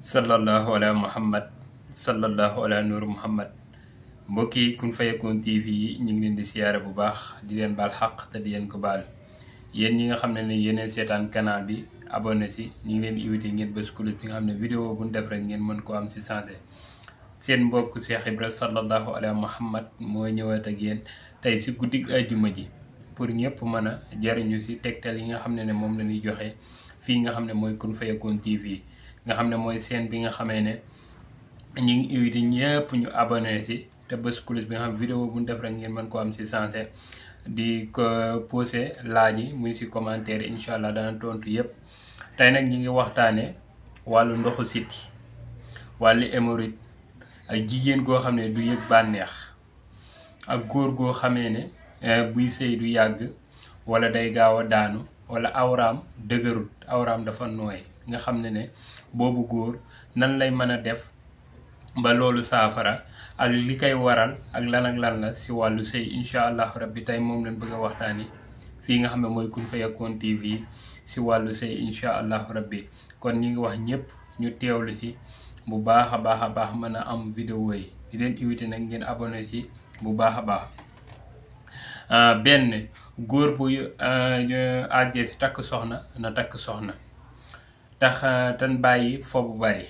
sallallahu ala muhammad sallallahu ala nur muhammad mbokki kun fayakoon tv yi ñu ngi leen di siyaare bu baax di leen baal xaq te di leen ko baal yéen ñi nga xam ne ne yeneen seetaan canal bi abonné si ñu ngi leen di invité ngeen bés kulus bi nga xam ne vidéo bu ñu def rek ngeen mën koo am si sensé seen mbokk Cheikh Ibra sallallahu ala muhammad mooy ñëwaat ak yéen tey si guddig ajjuma ji pour ñëpp mën a jariñu si tegtal yi nga xam ne ne moom lañuy joxe fii nga xam ne mooy Kun Fayakoun TV nga xam ne mooy chaîne bi nga xamee ne ñu ngi invité ñëpp ñu abonné si te bés kulis bi nga xam vidéo bu ñu def rek ngeen mën ko am si sensé di ko posé laaj yi muy si commentaire incha allah dana tontu yëpp tey nag ñu ngi waxtaane wàllu ndoxu siti wàllu hémorroïde ak jigéen goo xam ne du yëg bànneex ak góor goo xamee ne eh, buy sëy du yàgg wala day gaaw a daanu wala awraam dëgërut awraam dafa nooy nga xam ne ne boobu góor nan lay mën a def ba loolu saafara ak li koy waral ak lan ak lan la si wàllu sëy incha allahu rabbi tey moom lañ bëgg a waxtaani fii nga xam ne mooy Kun Fayakoun TV si wàllu sëy incha allahu rabbi kon ñu ngi wax ñëpp ñu teewlu si bu baax a baax a baax mën a am video yi di leen invité nag ngeen abonné ci bu baax a baax Euh, benn góor bu euh, àjjee si takk soxna na takk soxna tax tan euh, bàyyi foo bu bari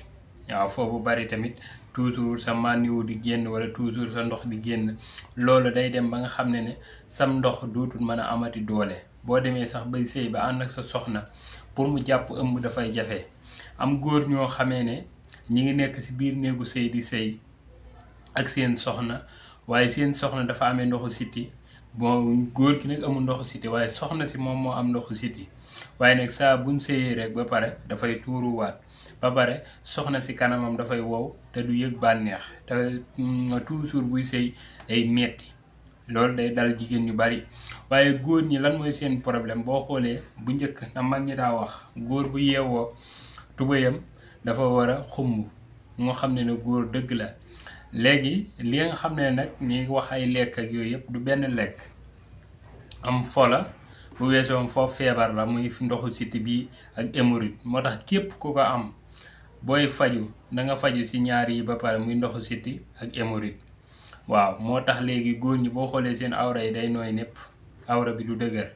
waaw foo bu bari tamit toujours sa maniwu di génn wala toujours sa ndox di génn loolu day dem ba nga xam ne ne sam ndox dootul mën a amati doole boo demee sax bay sëy ba ànd ak sa soxna pour mu jàpp ëmb dafay jafe am góor ñoo xamee ne ñi ngi nekk ci biir néegu sëy di sëy ak seen soxna waaye seen soxna dafa amee ndoxu siti bon góor ki nag amul ndoxu siti waaye soxna si moom moo am ndoxu siti waaye nag saa buñ sëyee rek ba pare dafay tuuruwaat ba pare soxna si kanamam dafay wow te du yëg bànneex te mm, toujours buy sëy ay metti loolu day dal jigéen ñu bari waaye góor ñi lan mooy seen problème boo xoolee bu njëkk na mag ñi daa wax góor bu yeewoo tubayam dafa war a xumb moo xam ne ne góor dëgg la léegi li nga xam ne nag ñuy wax ay lekk yooyu yëpp du benn lekk am fola bu weesoon foofu feebar la muy ndoxu siti bi ak hémorroïde moo tax képp ku ko am booy faju da nga faju ci ñaar yi ba pare muy ndoxu siti ak hémorroïde waaw moo tax léegi góor ñi boo xoolee seen awra yi day nooy népp awra bi du dëgër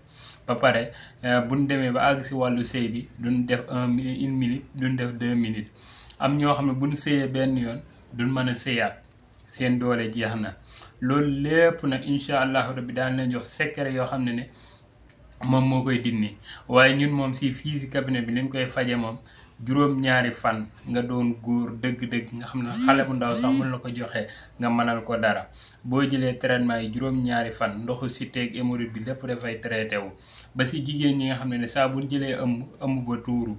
ba pare eh, buñ demee ba àgg ci wàllu sëy bi duñ def un une minute duñ def deux minutes am ñoo xam ne buñ sëyee benn yoon du mën a sëyaat seen doole jeex na loolu lépp nag incha allahu bi daal na jox secret yoo xam ne ne moom moo koy dindi waaye ñun moom si fii si cabinet bi liñ koy faje moom juróom-ñaari fan nga doon góor dëgg-dëgg nga xam ne xale bu mën la ko joxee nga mënal ko dara boo jëlee traitement yi juróom fan ndoxu si teg hémorroïde bi lépp dafay traité wu ba si jigéen ñi nga xam ne ne saa bu jëlee ëmb ëmb ba tuuru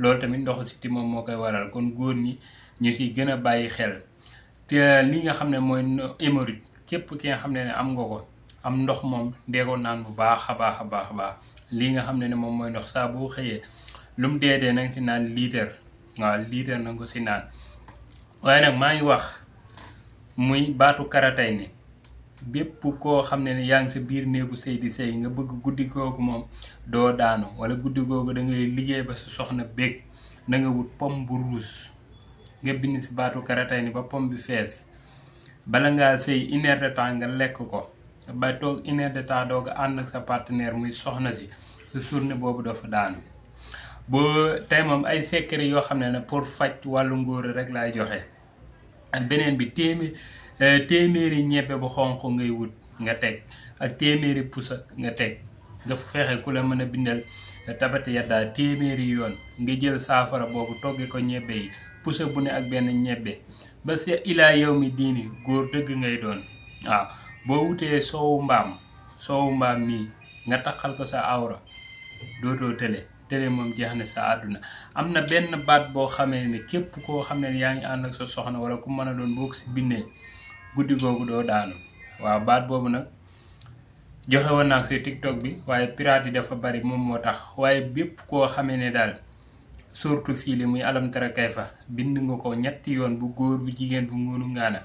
loolu tamit ndoxu siti moom moo koy waral kon góor ñi ñu si gën a bàyyi xel te li nga xam ne mooy hémorroïde képp ki nga xam ne ne am nga ko am ndox moom deegoo naan bu baax a baax a baax a baax lii nga xam ne ne moom mooy ndox saa boo xëyee lu mu deedee na nga si naan litre waaw litre na si naan waaye nag maa ngi wax muy baatu karatay ni bépp koo xam ne ne yaa ngi sa biir néegu sëy di sëy nga bëgg guddi googu moom doo daanu wala guddi googu dangay liggéey ba su soxna bég na nga wut pomme bu ruus nga bind si baatu karatay ni ba pom bi fees bala nga sëy une de temps nga lekk ko ba toog une de temps doog ànd ak sa partenaire muy soxna si su journée boobu dafa daanu boo tey moom ay secret yoo xam ne ne pour faj wàllu ngóor rek laay joxe ak beneen bi téeméer eh, téeméeri ñebbe bu xonq ngay wut nga teg ak téeméeri pusa nga teg nga fexe ku la mën a bindal tabati yaddaa téeméeri yoon nga jël saafara boobu toggee ko ñebbe yi pousse bu ne ak benn ñebbe ba sa ilaa yow mi diini góor dëgg ngay doon waaw boo wutee soowu mbaam soowu mbaam nii nga taxal ko sa awra dootoo tële tële moom jeex na sa àdduna am na benn baat boo xamee ne képp koo xam ne yaa ngi ànd ak sa soxna wala ku mën a doon boo ko si bindee guddi googu doo daanu waaw baat boobu nag joxe woon naa si TikTok bi waaye pirate yi dafa bari moom moo tax waaye bépp koo xamee ne daal surtout fii li muy alam tara fa bind nga ko ñetti yoon bu góor bu jigéen bu ngóonu ngaana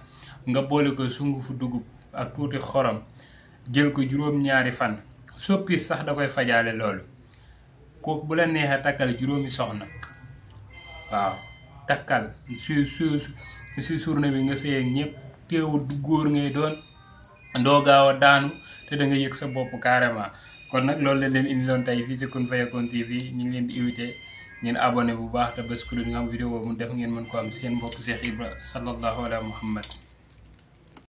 nga boole ko sungufu dugub ak tuuti xorom jël ko juróom-ñaari fan soppi sax da koy fajaale loolu kooku bu la neexee takkal juróomi soxna waaw takkal su su si journée bi nga sëyeeg ñëpp teewul du góor ngay doon doo a daanu te da nga yëg sa bopp carrément kon nag loolu leen leen indiloon tey fii si Kun Fayakoun TV ñu leen di invité ngeen abonné bu baax te bés ku nga xam boobu def ngeen mën ko am seen mbokk Cheikh Ibra sallallahu ala muhammad